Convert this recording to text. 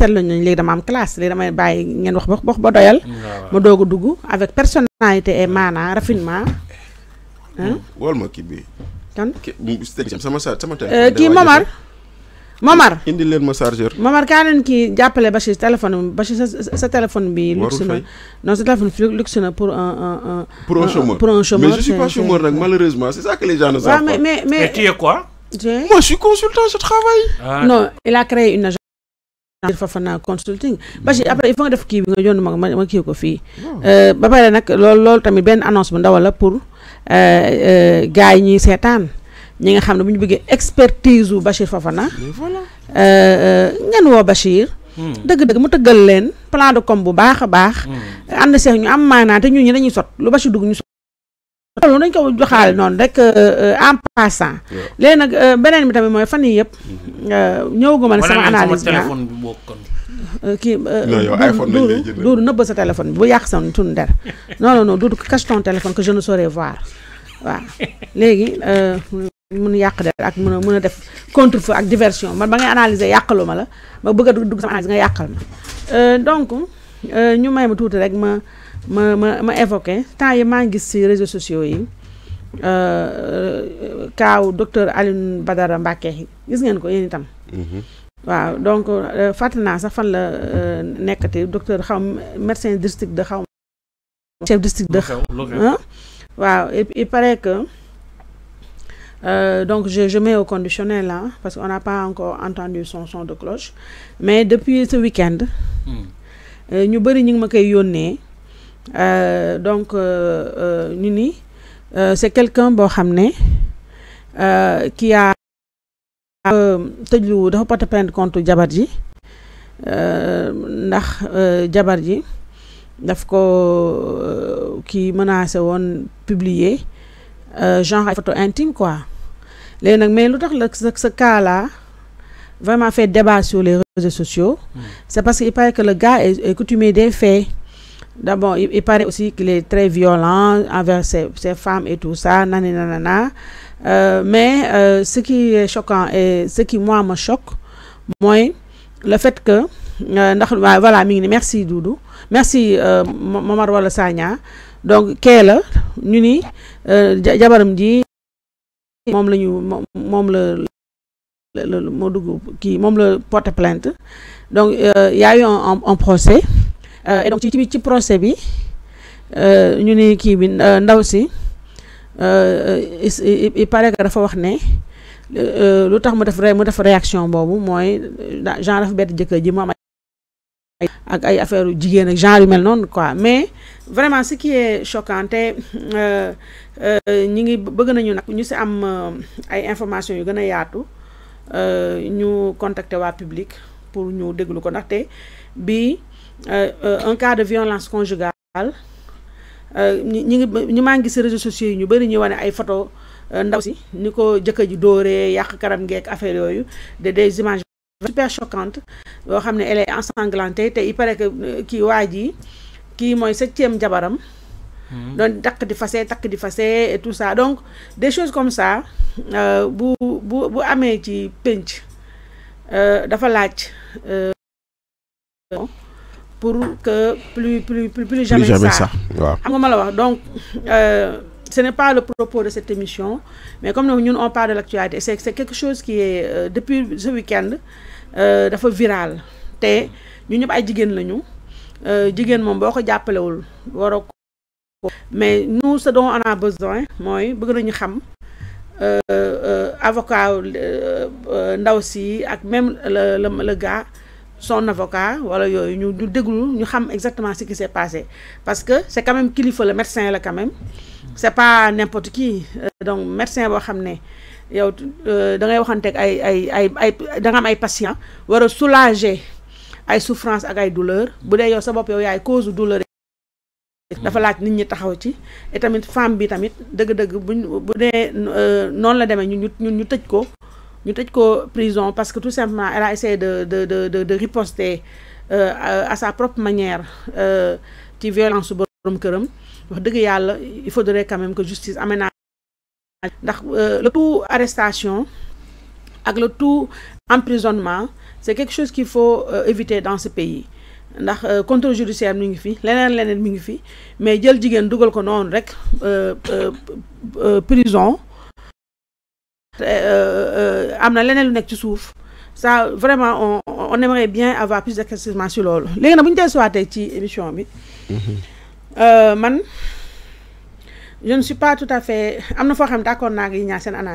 seetlu nañ légui dama am classe léegi damay bay ngeen wax ba ba doyal. ma dogu a avec personnalité et maanaa raffinement. wol hein? ma kii bi. kan sama sama euh, kii mamar mamar indi leen ma chargeur. mamar kaa leen kii jàppale téléphone Bachir sa téléphone bi. luxe na non sa téléphone bi luxe na pour un un un. pour un chômeur pour un chômeur mais je suis pas chômeur nak malheureusement c'est ça que les gens ne savent pas. mais mais mais tu es quoi. Moi, je suis consultant, je travaille. Ah. non, il a créé une agence. Fafana consulting parce que après il faut nga def kii bi nga yónn ma ma kii ko fii euh, ba pare nag lool lool tamit benn annonce bu ndaw la pour euh, euh, gars yi ñuy seetaan ñi nga xam ne bu ñu bëggee expertise wu Bachir Fafana ngeen woo Bachir hmm. dëgg-dëgg mu tëggal leen plan de com bu baax a baax hmm. ànd seex ñu am maanaa te ñun dañuy sot lu Bachir dugg ñu loolu dañ ko joxaal noonu rek euh, euh, en passant léegi nag euh, beneen bi tamit mooy fan yii yëpp mm-hmm. ma ne sama analyse bi ah. kii duudu duudu nëbbal sa téléphone bu yàq sa tun der non non non duudu cache ton téléphone que je ne saurais voir waaw léegi mun yàq der ak mun a mun a def contre-feu ak diversion man ba ngay analyser yàqalu ma la ma bëgg a dugg sama analyse nga yàqal ma donc ñu may ma tuuti rek ma ma ma ma évoqué tant yi réseaux sociaux yi le euh, euh, docteur aline Badara Mbacké gis ngeen ko yéen itam. Mhm. waaw donc euh, il naa sax fan la nekati docteur xam médecin district de xam chef district de xaw ah. il paraît que donc je mets au conditionnel hein, parce qu'on n'a pas encore entendu son son de cloche mais depuis ce week-end hmm. ñu bëri ñu ngi ma euh, donc Nini euh, euh, c'est quelqu'un bon qui a tëjlu dafa pas prendre contre jabar ji ndax Jabarji ji qui ko publié menacé woon publier genre photo intime quoi les mais le ce cas là vraiment fait débat sur les réseaux sociaux hmm. c'est parce qu'il paraît que le gars est coutumier des faits D'abord, il, paraît aussi qu'il est très violent envers ses, femmes et tout ça, nanana. Euh, mais euh, ce qui est choquant et ce qui, moi, me choque, moi, le fait que. Euh, voilà, merci Doudou. Merci euh, Wala Sanya. Donc, Kéla, Nuni, euh, dit, mom le porte plainte donc il y a eu un procès Euh, et donc ci ci procès bi euh, ñu ni kii bi euh, ndaw si il paraît que dafa wax ne lu tax mu def rey mu def réaction boobu mooy genre dafa bett jëkkër ji mu am ak ay affaire jigéen ak genre yu mel noonu quoi mais vraiment si qui est choquant te ñi ngi bëgg nañu nag ñu si am ay information yu gën a yaatu ñu contacter waa public pour nous déglu ko bi bii euh, euh, un cas de violence conjugale euh, ñi ngi mangi maa réseaux sociaux ñu bari ñu wone ay photo ndaw si ni ko ji doré yak karam ngeek affaire yoyu de des images super choquantes yoo xamné elle est ensanglantée té il paraît que ki waji ki moy mooy septième jabaram hmm. donc takk di fase takk di fase et tout ça donc des choses comme ça bu bu bu amee ci pénc euh, dafa laaj euh, pour que plus plus plus jamais ça donc euh, ce n'est pas le propos de cette émission mais comme nous on parle de l'actualité c'est quelque chose qui est depuis ce week-end dafa viral té ñu pouvons ay nous lañu nous ne pouvons pas nous mais nous ce dont on a besoin nous bëgg nañu xam euh, euh, avocat euh, ndaw même le gars son avocat nous savons exactement ce qui s'est passé parce que c'est quand même faut le médecin là quand même c'est pas n'importe qui donc le médecin boo savoir que yow da patients, waxanteeg soulager les souffrances et ay douleur bu dee yow sa causes yow douleur dafa laaj nit ñi taxaw ci et tamit femme bi tamit dëgg-dëgg bu dee euh, la ñu ko ñu prison parce que tout simplement elle a essayé de de de riposter euh, à sa propre manière euh, ci violence borom këram wax il faudrait quand même que justice aménage ndax le tout arrestation ak le tout emprisonnement c'est quelque chose qu'il faut éviter dans ce pays ndax euh, contrôle judiciaire mi ngi fi leneen leneen mi ngi fi mais jël jigéen dugal ko noonu rek euh, euh, prison am na leneen lu nekk ci suuf ça vraiment on on aimerait bien avoir plus d'éclaircissement sur loolu léegi nag bu ñu tey ci émission bi mm-hmm. man je ne suis pas tout à fait am na foo xam d'accord naa ngi ñaar seen ana